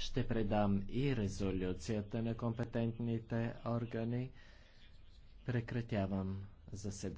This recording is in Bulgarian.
Ще предам и резолюцията на компетентните органи. Прекратявам заседанието.